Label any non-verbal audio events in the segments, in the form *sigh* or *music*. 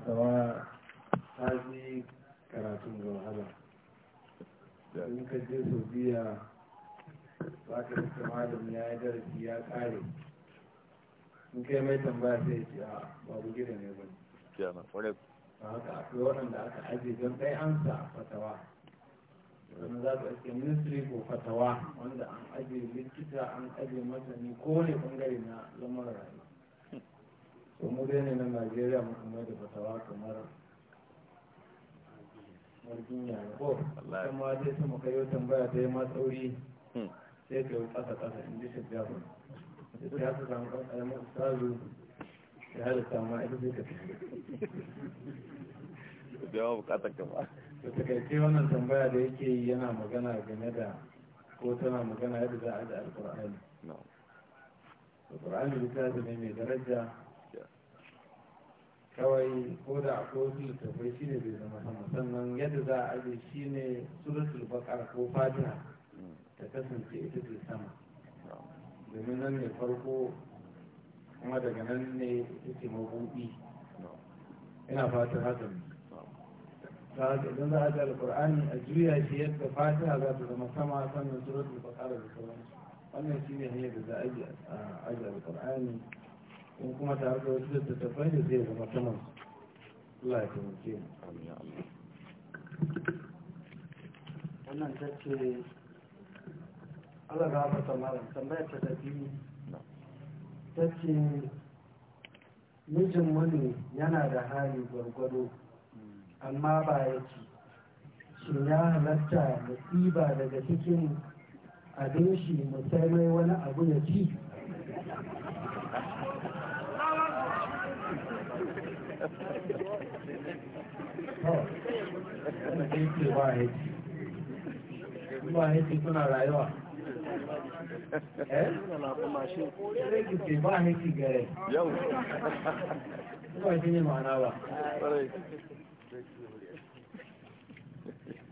fatawa ta fi karatun da wahala in ka je sau biya za ka fi malam ya yi darasi ya kare in kai mai tambaya sai ce a babu gida ne ba ne ba haka akwai waɗanda aka ajiye don ɗaya ansa fatawa wani za ka iske ministry ko fatawa wanda an ajiye likita an ajiye masani kowane ɓangare na lamarin rayuwa mu ne na najeriya mutum da fatawa kamar margin yana ko kuma zai sama yau tambaya ta yi ma tsauri hmm. sai ka yi ƙasa ƙasa in ji shi jafa da ta haka samu ƙasa ya masu tsaro ya halitta ma ita zai ka tafi jawa bukatar ka ba da takaice wannan tambaya da yake yi yana magana game da ko tana magana yadda za a ji alƙur'ani alƙur'ani littafi ne mai daraja kawai ko da ko su littattafai shi ne bai zama sama sannan yadda za a aje shi ne suratul bakar ko fatiha ta kasance ita ce sama domin nan ne farko kuma daga nan ne ita ce mabuɗi ina fatan haka ne idan za a ji alkur'ani a juya shi yadda fatiha za ta zama sama sannan suratul bakar da sauransu wannan shi ne hanyar da za a aje alkur'ani in kuma ta da wasu littattafai da zai zama ta masu Allah ya taimake mu wannan ta ce Allah ga mata malam tambaya ta da biyu ta ce mijin wani yana da hali gwargwado amma ba ya ci shi ya halatta da tsiba daga cikin abin shi mu wani abu ya ci *laughs*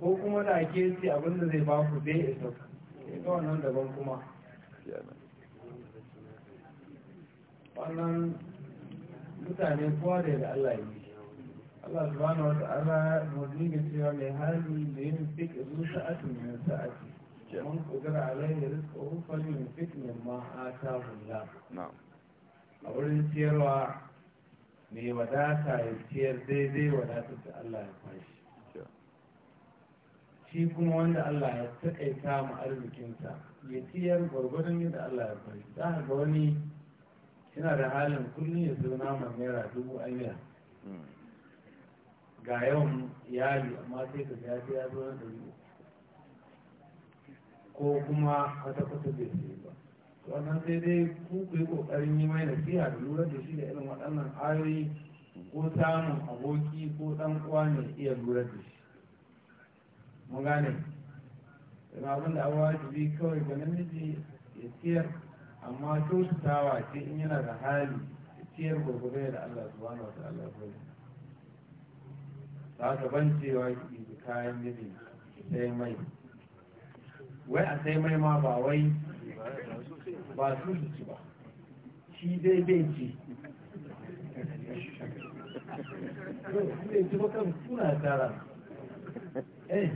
ko kuma da ake ce abinda zai ba ku zai isa ita wannan daban kuma wannan mutane kowa da yadda Allah yi Allah subhanahu wa ta'ala murni ga cewa mai hali da yin fik zu sa'atu min sa'ati man qadara da rizquhu falyunfik mimma ataahu Allah na'am a wurin ciyarwa mai wadata ya ciyar daidai wadatar da Allah ya kwashi shi kuma wanda Allah ya taƙaita mu arzikinsa ya ciyar gwargwadon yadda Allah ya kwashi za ga wani yana da halin kullum ya zo naman naira dubu ayyana ga yawan iyali amma sai ka ya ya zo na dari ko kuma kwata-kwata bai sai ba wannan sai dai ku ku yi kokarin yi mai nasiha da lura da shi da irin waɗannan ayoyi ko samun aboki ko ɗan uwa ne iya lura da shi mun gane abin da abuwa wajibi kawai ga namiji ya siyar amma kyautatawa ce in yana da hali ciyar gurgurai da Allah subhanahu Allah su bane ta ka ban cewa ki da kayan miji sai mai wai a sai mai ma ba wai ba su su ci ba shi dai bai ci zai ci kuna tara eh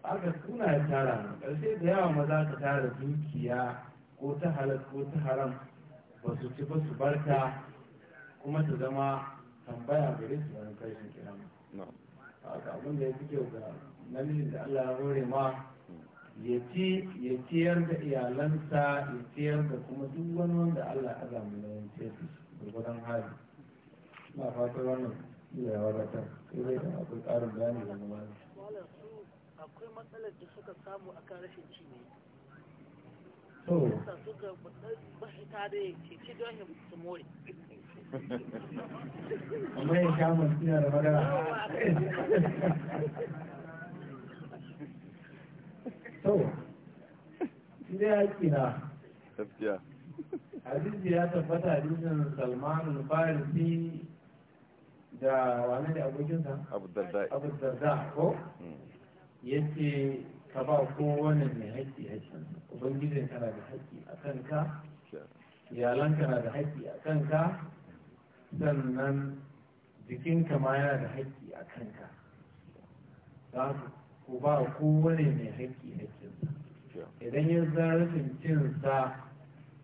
aka kuna tara ƙarshe da yawa maza ka tara dukiya ko ta halar ko ta haram ba su ci ba su barta kuma ta zama tambaya gare su wani karshen ba a abin da ya fi kyau ga namijin da Allah ya rore ma ya ciyar da iyalansa ya ciyar da kuma duk wani wanda Allah ya zama da wani ciyar da shi gurgudan hali na fatar wannan ya wadatar sai zai da akwai ƙarin bayani da mu akwai matsalar da suka samu a kan rashin ci suka bahita da ya ce don amma ya sha masu da magana to ne ya kira gaskiya hadisi ya tabbata hadisin salmanul farisi da wani da abokinsa abu darda ko hmm. ya ce. ka ba kowane mai haƙƙi haƙƙin ubangijin na da haƙƙi a kanka iyalanka na da haƙƙi a kanka sannan jikinka ma yana da haƙƙi a kanka za ku ba kowane mai haƙƙi haƙƙinsa idan ya zarafin cinsa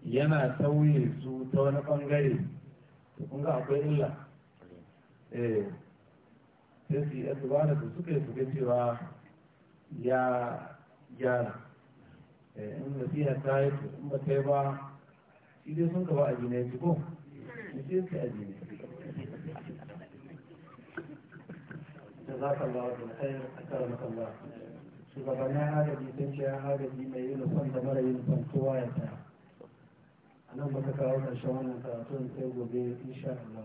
yana sauye su ta wani ɓangare to kun ga akwai illa eh sai su yi su ba da suka yi su cewa ya gyara eh, in nasiha ta yi in ba ta yi ba shi dai sun gaba a jina su ko shi sai a za da a جزاك الله بالخير su gaba na agaji sun ce ya agaji mai nufan da mara nufan kowa ya ta. a nan ta kawo ƙarshen wannan karatun sai gobe sha Allah